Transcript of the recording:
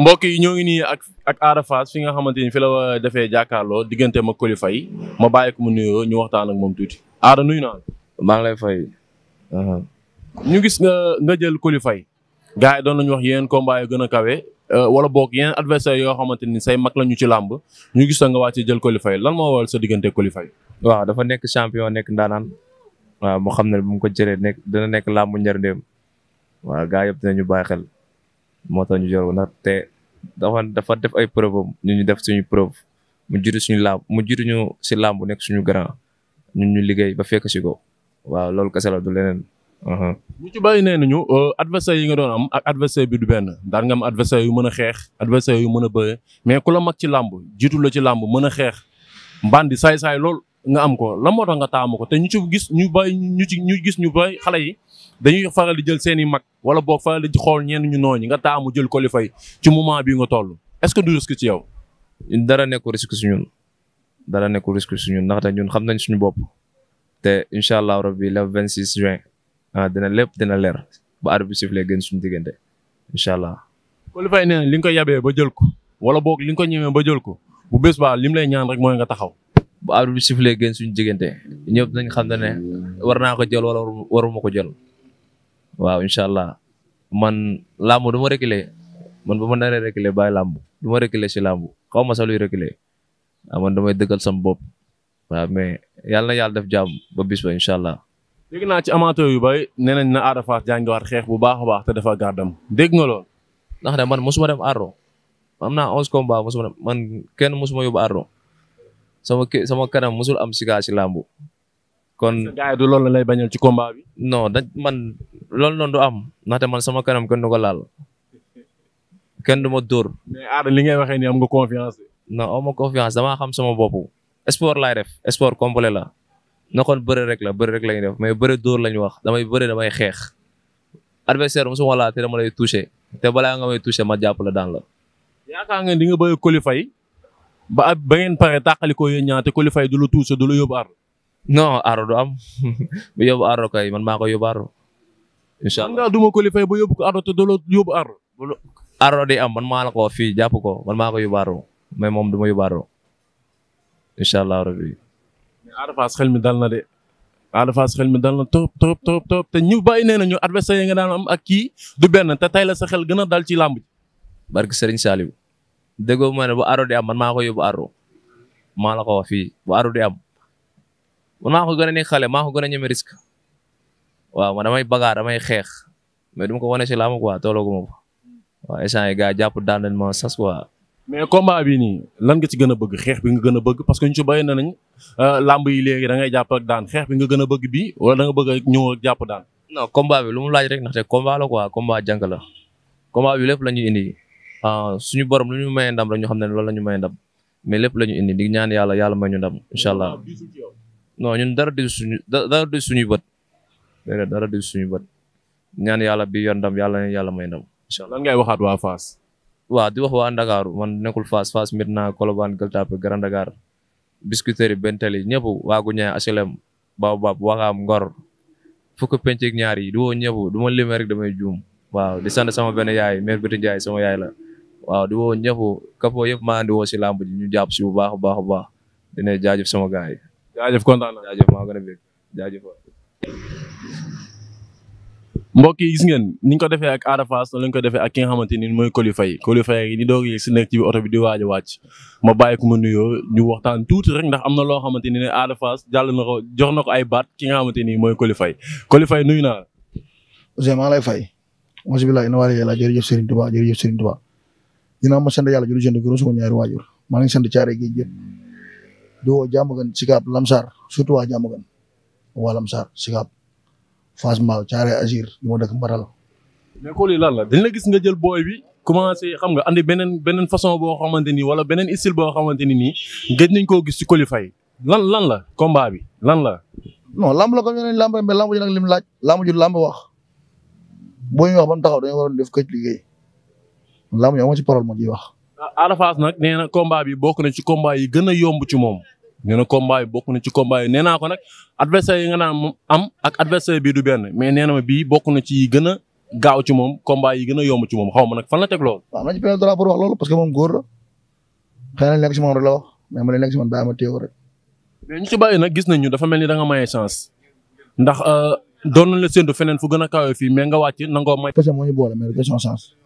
mbokk yi ñoo ngi nii ak ak Ada Fass fi nga xamante ni fi la defee jàkkaarloo diggante ma kolifay ma bàyyi ko mu ñu waxtaan ak moom tuuti Ada nuyu naa maa ngi lay fay. ñu gis nga nga jël Coly Faye gars yi doon nañu wax yeneen combat yu gën a kawe euh, wala boog yeneen adversaire yoo xamante ni say mag la ñu ci làmb ñu gis nga wàcc jël Coly Faye lan moo waral sa diggante Coly Faye waaw dafa nekk champion nekk ndaanaan waaw moo xam ne bu mu ko jëlee nekk dina nekk làmb njëriñam waa gaa yëpp dinañu bàyyi xel moo tax ñu yor ko ndaxte dafa dafa def ay preuve ñu ñu def suñu preuve mu jiitu suñu làmb mu jiitu ñu si làmb nekk suñu grand ñun ñu liggéey ba fekk si ko waaw loolu kese la du leneen. ñu ci bàyyi nee ñu euh, adversaire yi nga doon am ak adversaire bi du benn daan nga am adversaire yu mën a xeex adversaire yu mën a bëre mais ku la mag ci làmb jiitu la ci làmb mën a xeex mbandi saay-saay lool nga am ko la moo tax nga taamu ko te ñu ci gis ñu bàyyi ñu ñu gis ñu bàyyi xale yi dañuy faral di jël seen i mag wala boog faral di xool ñeen ñu nooñu nga taamu jël ko li fay ci moment bii nga toll est-ce que du risque ci yow. dara nekkul risque si ñun dara nekkul risque si ñun ndaxte ñun xam nañ suñu bopp te incha allah rabbi le 26 juin ah dina lépp dina leer ba bi sifflé gën suñu diggante incha allah. Coly Faye nee li nga ko yabee ba jël ko wala boog li nga ko ñemee ba jël ko bu bés ba lim lay ñaan rek mooy nga taxaw. bu arbitre bi sifflé gën suñu diggante ñëpp nañ xam ne ne war naa ko jël wala waruma ko jël. waaw incha allah man làmb du ma reculer man bu ma naree reculer bàyyi làmb du ma reculer si làmb xaw ma sax luy reculer waaw ah, man damay dëggal bopp waaw mais yàlla na yàlla def jàmm ba bis ba incha allah. dégg naa ci amateur yu bay nee nañ na Ada Fass jàngiwaat xeex bu baax a baax te dafa gàddam dégg nga lool. ndax man mosuma dem arro am naa onze combat mosuma dem man kenn mosuma yóbbu arro sama sama kanam mosul am siga si làmb kon gars yi du loolu lay bañal ci combat bi. non da man loolu noonu du am ndaxte man sama kanam kenn du ko laal kenn du ma dóor. mais aada li ngay waxee ni am nga confiance. non ma confiance damaa xam sama bopp. sport laay def sport complet la na kon bëre rek la bëre rek la ñuy def mais bëre dóor la ñu wax damay bëre damay xeex. adversaire mu su ma laal te dama lay touché te balaa nga may touché ma jàpp la daan la. yaakaar ngeen di nga bëgg Coly Faye ba ba ngeen pare tàqali ko yéen ñaar du la non aaro du am bu yóbbu aaro kay man maa ko yóbbu aaro. incha allah fay ba yóbbu ko te doo yóbbu aaro. aaro di am man maa la ko fii jàpp ko man maa ko yóbbu aaro mais moom du ma yóbbu aaro incha allah rabbi. mais Ada Fass xel mi dal na de Ada Fass xel ñu bàyyi nee nañu adversaire yi nga ak kii benn te tey la sa xel gën dal ci làmb ji. barke Serigne Saliou ma ne man maa ko yóbbu fii bu di am. man maa ko gën a nekk xale maa ko gën a ñeme risque waaw man damay bagaar damay xeex mais du ma ko wane si laamu quoi tooloo ko moom waaw échange yi gars jàpp daan nañ ma sas quoi. mais combat bi nii lan nga ci gën a bëgg xeex bi nga gën a bëgg parce que ñu ci bàyyi na nañ euh, làmb léegi da ngay jàpp ak xeex bi nga gën a bëgg bi wala da bëgg a ñëw ak jàpp daan. non combat bi lu mu laaj rek ndaxte combat la quoi combat jàng la combat bi la ñuy indi ah, suñu borom lu ñu may ndam rek ñu xam ne loolu la ñu may ndam mais ñu indi di ñaan yàlla yàlla may ñu ndam incha allah. no ñun dara di suñu dara di suñu bët déedéet ñaan yàlla bi yoon ndam yàlla yàlla may ndam incha allah lan ngay waxaat waa Fass waaw di wax waa Ndakaaru man nekkul Fass Fass Médina Colobane Gueule Tapée Grand Dakar Biscuiterie yi Bentali ñëpp waagu ñaa HLM Baobab Ngor fukk penc ak ñaar yi di woo ñëpp du ma limee damay juum waaw di sant sama benn yaay mère Béti Ndiaye sama yaay la waaw di woo ñëpp maa di woo si làmb ji jàpp si bu baax a baax a baax dina jaajëf sama gaay yi jaajëf kontaan naa jaajëf maa gën a bëgg jaajëf yi gis ngeen ni ko defee ak Ada Fass noonu la ñu ko defee ak ki nga xamante ni mooy Coly Faye Coly Faye ni doog si nekk ci oto bi di waaj wàcc ma bàyyi ko ma nuyoo ñu waxtaan tuuti rek ndax am na loo xamante ni ne Ada Fass jàll na jox na ko ay baat ki nga xamante ni mooy Coly Faye Coly Faye nuyu naa la. Ousseyn maa lay fay. mosu bi laay na waale yàlla jërëjëf Serigne Touba jërëjëf Serigne Touba. dinaa ma sant yàlla jërëjëf Serigne Touba maa ngi sant caare di woo Diamaguène Sicap Lamsar surtout waa Diamaguène waa Lamsar Sicap Fass Mbao Thiaré Azir li ma dëkk Mbaral. lan la dañ la gis nga jël booy bi commencé xam nga andi beneen beneen façon boo xamante ni wala beneen style boo xamante ni nii gëj nañ koo gis ci Coly Faye lan lan la combat bi lan la. no lamb la ko yeneen lamb mais lamb ji lim laaj lamb ju lamb wax boo ñuy wax ba mu taxaw dañu waroon def këj liggéey lamb yi amoo ci parole moo ciy wax. Ada Fass nag nee na combat bi bokk na ci combat yi gën a yomb ci moom nee yi bokk na ci combat yi nee naa ko nag adversaire yi nga naan moom am ak adversaire bii du benn mais nee na ma bii na ci yi gën a gaaw ci moom combat yi gën a yomb ci moom xaw ma nag fan la teg loolu. waaw am na ci benn droit pour wax loolu parce que moom góor la xëy na nekk si moom rek la wax mais ma lay nekk si man bàyyi ma téew rek. ñu ci bàyyi nag gis nañu dafa mel ni danga nga maye chance ndax euh, doon nañ la séntu feneen fu gën a kawe fii mais nga wàcc nangoo may. parce que moo